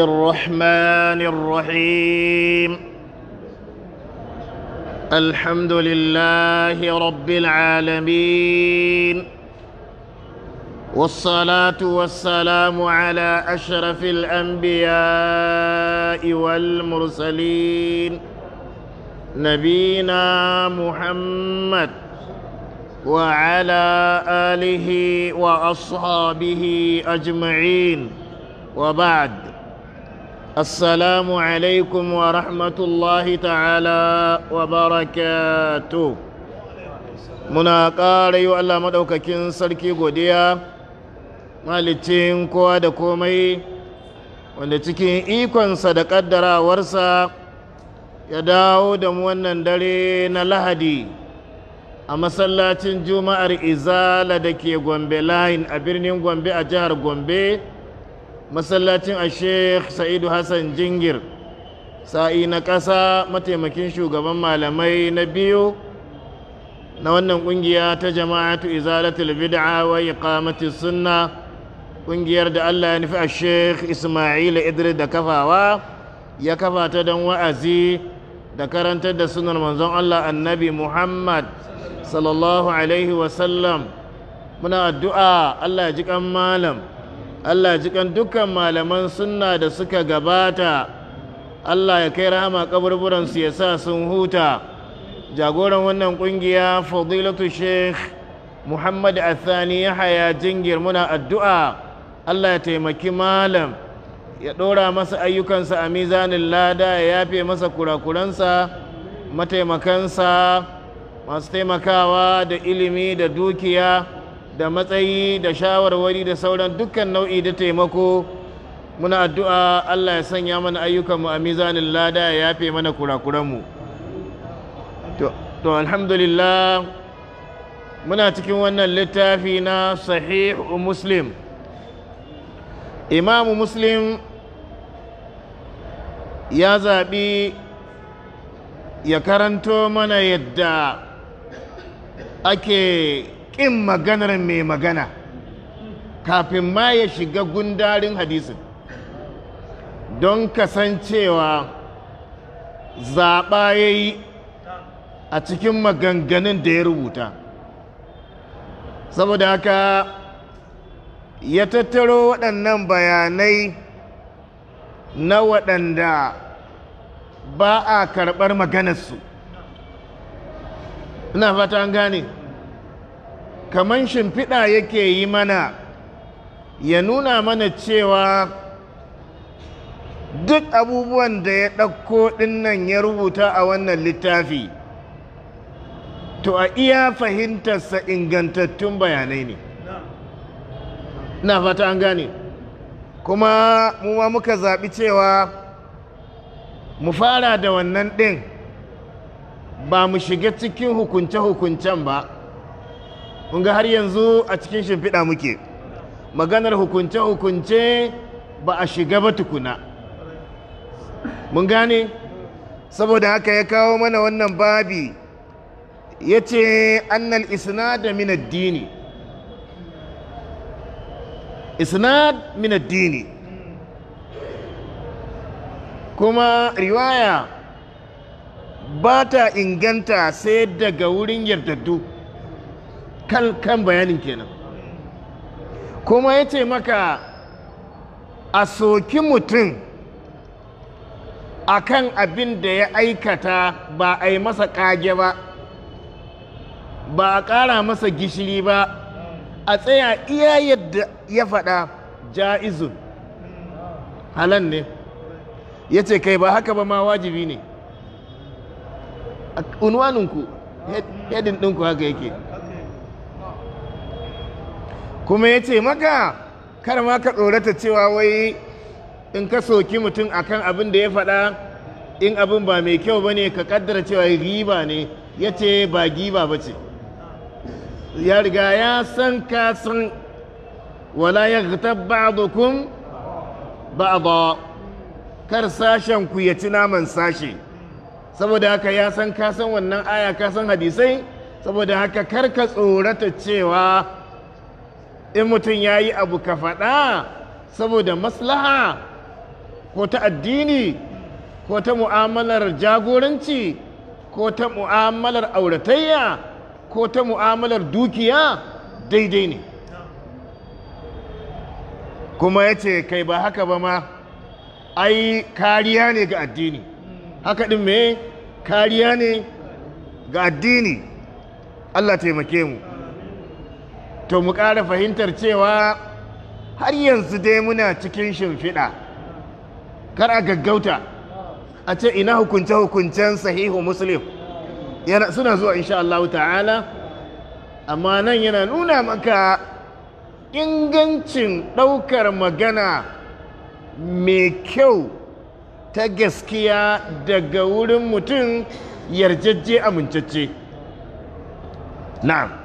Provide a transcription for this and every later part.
الرحمن الرحيم الحمد لله رب العالمين والصلاة والسلام على أشرف الأنبياء والمرسلين نبينا محمد وعلى آله وأصحابه أجمعين وبعد السلام alaikum ورحمة الله تعالى وبركاته muna ƙara yi maɗaukakin sarki godiya malicin kowa da komai wanda cikin ikonsa da ƙaddarawarsa ya dawo da mu wannan dare na lahadi a masallacin juma'ar izala da ke gombe layin a birnin gombe a jihar gombe masallacin a sheikh sa'idu hassan jingir sa'i na ƙasa mataimakin shugaban malamai na biyu na wannan ƙungiya ta jama'atu izalatul bid'a wa iqamati sunna ƙungiyar da Allah ya nufi a sheikh ismail idris da kafawa ya kafa ta don wa'azi da karantar da sunar manzon Allah annabi muhammad sallallahu alaihi wasallam muna addu'a Allah ya ji kan malam Allah jikan dukkan malaman sunna da suka gabata Allah ya kai rahama kaburburansu ya sa sun huta jagoran wannan kungiya fadilatu sheikh muhammad athani yahaya jingir muna addu'a Allah ya taimaki malam ya ɗora masa ayyukansa a mizanin lada ya yafe masa kurakuransa mataimakansa masu taimakawa da ilimi da dukiya da matsayi da shawarwari da sauran dukkan nau'i da taimako muna addu'a Allah ya sanya mana ayyukanmu a mizanin lada ya yafe mana kurakuranmu to alhamdulillah muna cikin wannan littafi na sahih muslim imamu muslim ya zaɓi ya karanto mana yadda ake ƙin maganar mai magana kafin ma ya shiga gundarin hadisin don kasancewa zaɓa ya yi a cikin maganganun da ya rubuta saboda haka ya tattaro waɗannan bayanai na waɗanda ba a karɓar maganarsu ina fata an gane kaman shimfiɗa yake yi mana ya nuna mana cewa duk abubuwan da ya ɗauko ɗinnan ya rubuta a wannan littafi to a iya fahimtarsa ingantattun bayanai ne na fata an gane kuma mu ma muka zaɓi cewa mu fara da wannan ɗin ba mu shiga cikin hukunce-hukuncen ba kun ga har yanzu a cikin shimfiɗa muke maganar hukunce-hukunce ba a shiga ba tukuna mun gane saboda haka ya kawo mana wannan babi ya ce annal isnad min addini isnad min kuma riwaya ba ta inganta sai daga wurin yardaddu kan bayanin kenan kuma ya ce maka a soki mutum a kan abin da ya aikata ba a yi masa kage ba ba a ƙara masa gishiri ba a tsaya iya yadda ya faɗa jaizu. halan ne ya ce kai ba haka ba ma wajibi ne unwaninku hedin ɗinku haka yake kuma ya ce maka kar ma ka tsorata cewa wai in ka soki mutum akan abin da ya faɗa in abin ba mai kyau ba ne ka kaddara cewa riba ne ya ce ba giba ba ce ya riga ya san ka san wala ya a bawa. kar sashen ku ya ci naman sashe saboda haka ya san ka san wannan aya ka san hadisai saboda haka kar ka tsorata cewa in mutum ya yi abu ka faɗa saboda maslaha ko ta addini ko ta mu'amalar jagoranci ko ta mu'amalar auratayya ko ta mu'amalar dukiya daidai ne kuma ya ce kai ba haka ba ma ai kariya ne ga addini haka ɗin me kariya ne ga addini Allah taimake mu to mu ƙara fahimtar cewa har yanzu dai muna cikin shimfiɗa kar a gaggauta a ce ina hukunce-hukuncen sahihu muslim suna zuwa insha Allah ta'ala amma nan yana nuna maka ingancin ɗaukar magana mai kyau ta gaskiya daga wurin mutum yarjejje amincacce na'am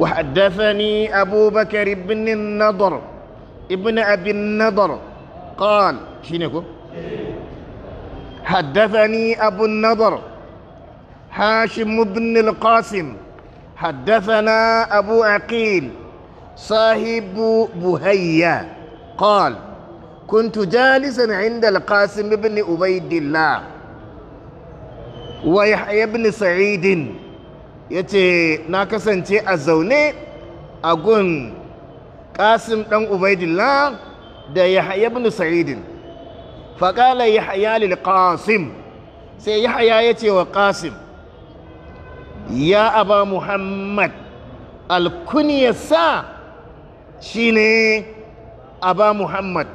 وحدثني أبو بكر بن النضر ابن أبي النضر قال شنو حدثني أبو النضر هاشم بن القاسم حدثنا أبو عقيل صاحب بهية قال كنت جالسا عند القاسم بن عبيد الله ويحيى بن سعيد ya ce na kasance a zaune a gun ƙasim ɗan ubaidillah da yahya ibn sa'idin faƙala yahya lil qasim sai Yahaya ya ce wa kasim ya aba muhammad shi ne aba muhammad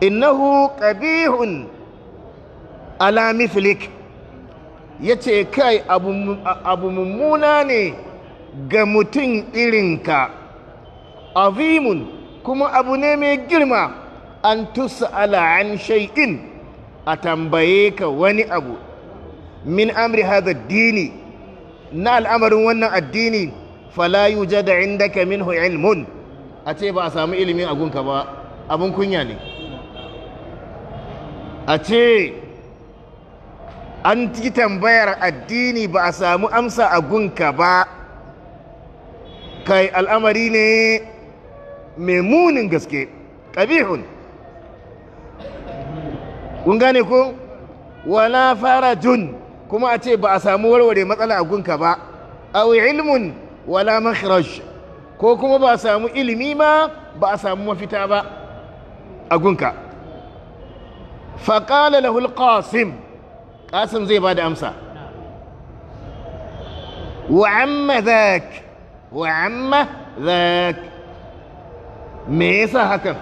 innahu ƙabihun alamifilik ya ce kai abu mummuna ne ga mutum irinka abimun kuma abu ne mai girma an tusa an shay'in a tambaye ka wani abu min amri hadha dini na al'amarin wannan addini fala yujad indaka minhu ilmun a ce ba a samu ilimin agunka ba abun kunya ne a ce an ji tambayar addini ba a samu amsa a gunka ba kai al'amari ne mai munin gaske ƙabihun kun gane ko wala fara jun kuma a ce ba a samu warware matsala a gunka ba aw ilmun wala makhraj ko kuma ba a samu ilimi ma ba a samu mafita ba a gunka faƙala lahul قاسم زي بعد أمسى وعم ذاك وعم ذاك ميسا هكم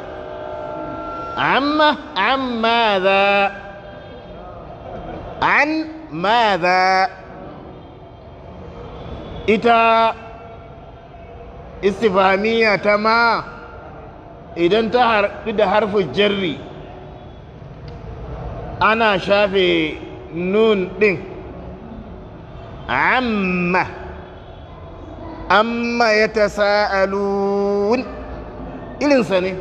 عم عم ماذا عن ماذا إتا استفهامية تما إذا انت حرف الجري أنا شافي نون دين عم أما يتساءلون إلى سني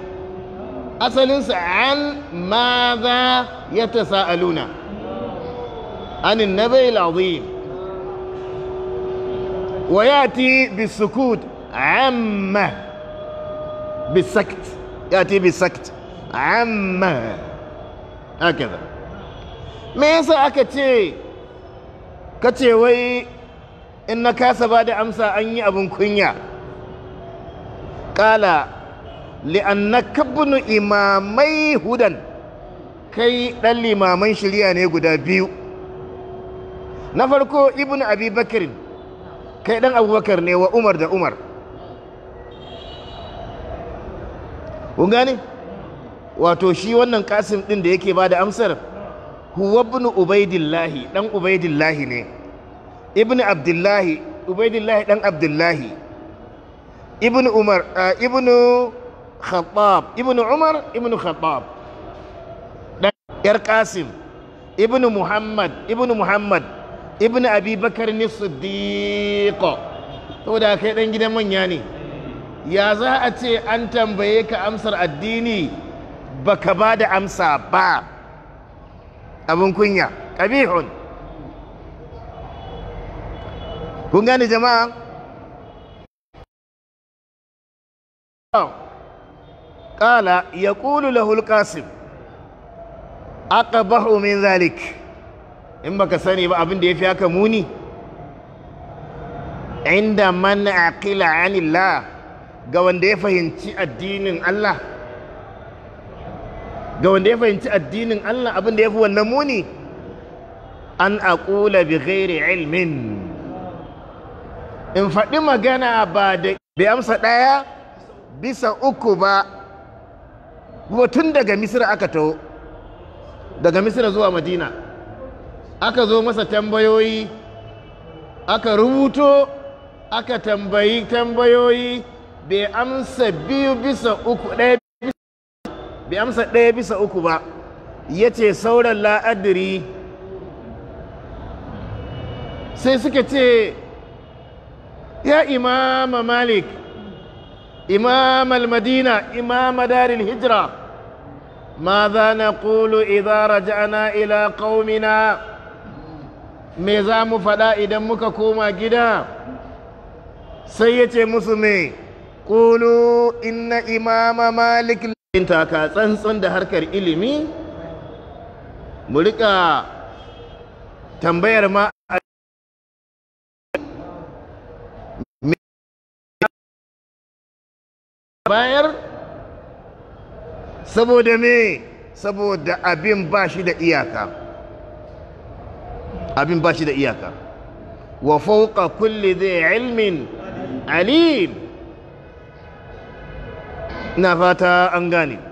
أسألين عن ماذا يتساءلون عن النبي العظيم ويأتي بالسكوت عم بالسكت يأتي بالسكت عم هكذا me yasa aka ce ka ce wai in na kasa ba da amsa an yi abin kunya ƙala na kabbinu imamai hudan kai ɗan limaman shirya ne guda biyu na farko ibn abi bakir kai ɗan abubakar ne wa umar da umar kun gane wato shi wannan kasim ɗin da yake ba da amsar huwa ibn ubaidillahi dan ubaidillahi ne ibn abdullahi ubaidillahi dan abdullahi ibn umar ibn khattab ibn umar ibn khattab dan yar qasim ibn muhammad ibn muhammad ibn abi ni ne siddiq saboda kai dan gidan manya ne ya za a ce an tambaye ka amsar addini baka ba da amsa ba abin kunya ƙabihun kun gani jama'a ƙala ya ƙulu lahul ƙasim aka bahu min zalik in baka sani ba abin da ya fi haka muni inda man aqila anillah ga wanda ya fahimci addinin Allah ga wanda ya fahimci addinin Allah abin da ya fi wannan muni an aƙula bi ghairi ilmin in faɗi magana ba da bai amsa ɗaya bisa uku ba kuma tun daga misira aka taho daga misira zuwa madina aka zo masa tambayoyi aka rubuto aka tambayi tambayoyi bai amsa biyu bisa uku ɗaya bai amsa ɗaya bisa uku ba ya ce sauran la'adiri sai suka ce ya imama malik imam al-madina imam daril hijira ma za na kulu idara ja'ana ila ƙaumina me za mu faɗa idan muka koma gida sai ya ce musu me kulu inna imama malik yin taka tsantsan da harkar ilimi mu rika tambayar ma bayar saboda me saboda abin ba shi da iyaka abin ba shi da iyaka wa fauka kulli zai ilmin alim ina fata an gane